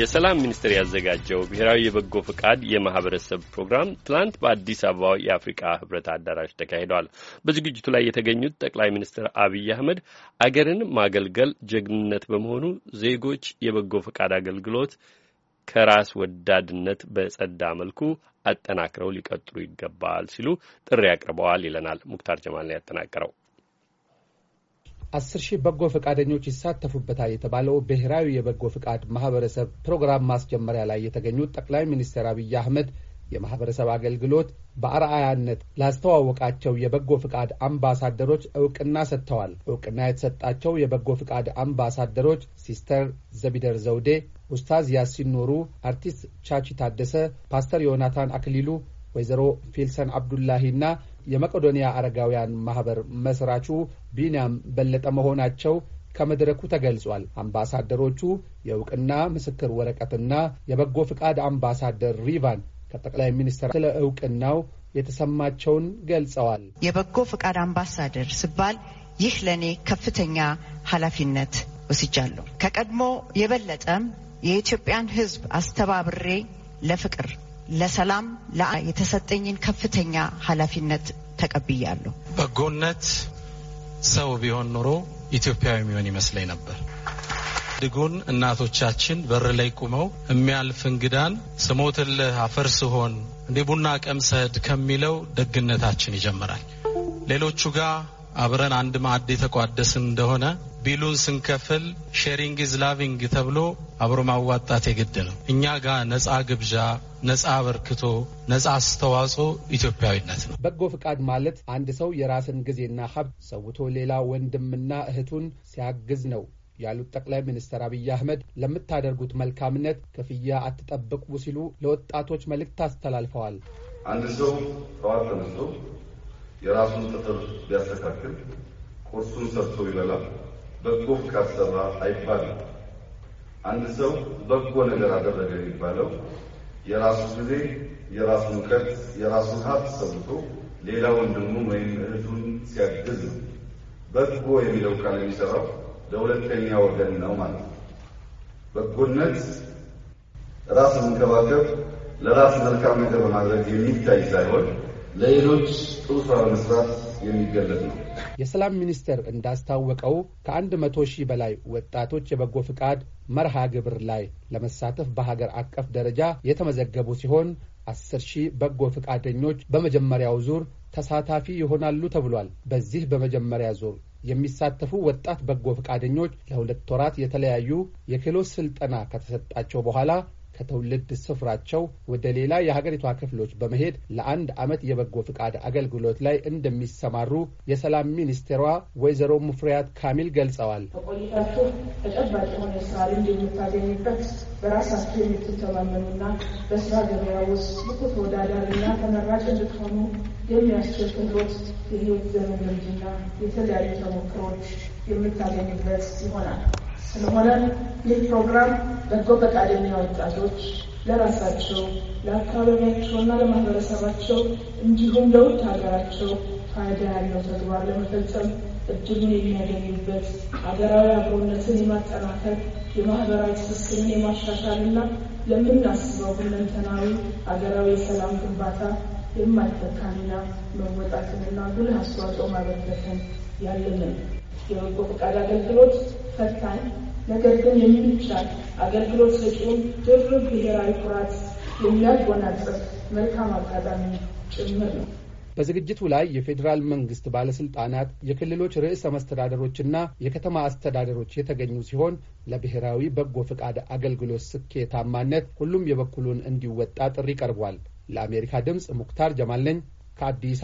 የሰላም ሚኒስቴር ያዘጋጀው ብሔራዊ የበጎ ፈቃድ የማህበረሰብ ፕሮግራም ትላንት በአዲስ አበባ የአፍሪካ ህብረት አዳራሽ ተካሂደዋል። በዝግጅቱ ላይ የተገኙት ጠቅላይ ሚኒስትር አብይ አህመድ አገርን ማገልገል ጀግንነት በመሆኑ ዜጎች የበጎ ፈቃድ አገልግሎት ከራስ ወዳድነት በጸዳ መልኩ አጠናክረው ሊቀጥሉ ይገባል ሲሉ ጥሪ አቅርበዋል። ይለናል ሙክታር ጀማል ያጠናቀረው። አስር ሺህ በጎ ፈቃደኞች ይሳተፉበታል የተባለው ብሔራዊ የበጎ ፈቃድ ማህበረሰብ ፕሮግራም ማስጀመሪያ ላይ የተገኙት ጠቅላይ ሚኒስትር አብይ አህመድ የማህበረሰብ አገልግሎት በአርአያነት ላስተዋወቃቸው የበጎ ፍቃድ አምባሳደሮች እውቅና ሰጥተዋል። እውቅና የተሰጣቸው የበጎ ፍቃድ አምባሳደሮች ሲስተር ዘቢደር ዘውዴ፣ ኡስታዝ ያሲን ኖሩ፣ አርቲስት ቻቺ ታደሰ፣ ፓስተር ዮናታን አክሊሉ፣ ወይዘሮ ፊልሰን አብዱላሂና የመቄዶንያ አረጋውያን ማህበር መስራቹ ቢንያም በለጠ መሆናቸው ከመድረኩ ተገልጿል። አምባሳደሮቹ የእውቅና ምስክር ወረቀትና የበጎ ፍቃድ አምባሳደር ሪቫን ከጠቅላይ ሚኒስትር ስለ እውቅናው የተሰማቸውን ገልጸዋል። የበጎ ፍቃድ አምባሳደር ስባል ይህ ለእኔ ከፍተኛ ኃላፊነት ወስጃለሁ። ከቀድሞ የበለጠም የኢትዮጵያን ሕዝብ አስተባብሬ ለፍቅር ለሰላም የተሰጠኝን ከፍተኛ ኃላፊነት ተቀብያለሁ። በጎነት ሰው ቢሆን ኖሮ ኢትዮጵያዊ የሚሆን ይመስለኝ ነበር። ድጉን እናቶቻችን በር ላይ ቁመው የሚያልፍ እንግዳን ስሞትልህ አፈር ስሆን እንዴ ቡና ቀምሰህድ ከሚለው ደግነታችን ይጀምራል። ሌሎቹ ጋር አብረን አንድ ማዕድ የተቋደስን እንደሆነ ቢሉን ስንከፍል ሼሪንግ ኢዝ ላቪንግ ተብሎ አብሮ ማዋጣት የግድ ነው። እኛ ጋር ነጻ ግብዣ ነጻ አበርክቶ ነጻ አስተዋጽኦ ኢትዮጵያዊነት ነው። በጎ ፍቃድ ማለት አንድ ሰው የራስን ጊዜና ሀብት ሰውቶ ሌላ ወንድምና እህቱን ሲያግዝ ነው ያሉት ጠቅላይ ሚኒስትር አብይ አህመድ ለምታደርጉት መልካምነት ክፍያ አትጠብቁ ሲሉ ለወጣቶች መልእክት አስተላልፈዋል። አንድ ሰው ጠዋት ተነስቶ የራሱን ጥፍር ቢያስተካክል ቁርሱን ሰርቶ ይበላል። በጎ ፍቃድ ሰራ አይባልም። አንድ ሰው በጎ ነገር አደረገ የሚባለው የራሱ ጊዜ፣ የራሱን እውቀት፣ የራሱን ሀብት ሰብቶ ሌላ ወንድሙን ወይም እህቱን ሲያግዝ ነው። በጎ የሚለው ቃል የሚሰራው ለሁለተኛ ወገን ነው ማለት ነው። በጎነት ራስ መንከባከብ፣ ለራስ መልካም ነገር በማድረግ የሚታይ ሳይሆን ለሌሎች ጥሩ ስራ ለመስራት ነው። የሰላም ሚኒስቴር እንዳስታወቀው ከአንድ መቶ ሺህ በላይ ወጣቶች የበጎ ፍቃድ መርሃ ግብር ላይ ለመሳተፍ በሀገር አቀፍ ደረጃ የተመዘገቡ ሲሆን አስር ሺህ በጎ ፍቃደኞች በመጀመሪያው ዙር ተሳታፊ ይሆናሉ ተብሏል። በዚህ በመጀመሪያ ዙር የሚሳተፉ ወጣት በጎ ፍቃደኞች ለሁለት ወራት የተለያዩ የክህሎት ስልጠና ከተሰጣቸው በኋላ ከትውልድ ስፍራቸው ወደ ሌላ የሀገሪቷ ክፍሎች በመሄድ ለአንድ ዓመት የበጎ ፍቃድ አገልግሎት ላይ እንደሚሰማሩ የሰላም ሚኒስቴሯ ወይዘሮ ሙፍሪያት ካሚል ገልጸዋል። በቆይታችሁ ተጨባጭ የሆነ የስራ ልምድ የምታገኙበት በራሳችሁ የምትተማመኑና በስራ ገበያ ውስጥ ብቁ ተወዳዳሪና ተመራጭ እንድትሆኑ የሚያስችል ክህሎት፣ የህይወት ዘመን ልምድና የተለያዩ ተሞክሮች የምታገኙበት ይሆናል። ስለሆነ ይህ ፕሮግራም በጎ ፈቃደኛ ወጣቶች ለራሳቸው ለአካባቢያቸውና ለማህበረሰባቸው እንዲሁም ለውድ ሀገራቸው ፋይዳ ያለው ተግባር ለመፈጸም እድሉን የሚያገኙበት ሀገራዊ አብሮነትን የማጠናከር የማህበራዊ ትስስርን የማሻሻልና ለምናስበው ሁለንተናዊ ሀገራዊ የሰላም ግንባታ የማይተካ ሚና መወጣትንና ጉልህ አስተዋጽኦ ማበረከትን ያለንን የበጎ ፈቃድ አገልግሎት ፈታኝ ነገር ግን የሚቻል አገልግሎት ሰጪውን ድርብ ብሔራዊ ኩራት የሚያጎናጽፍ መልካም አጋጣሚ ጭምር ነው። በዝግጅቱ ላይ የፌዴራል መንግስት ባለስልጣናት፣ የክልሎች ርዕሰ መስተዳደሮችና የከተማ አስተዳደሮች የተገኙ ሲሆን ለብሔራዊ በጎ ፈቃድ አገልግሎት ስኬታማነት ሁሉም የበኩሉን እንዲወጣ ጥሪ ቀርቧል። ለአሜሪካ ድምፅ ሙክታር ጀማል ነኝ ከአዲስ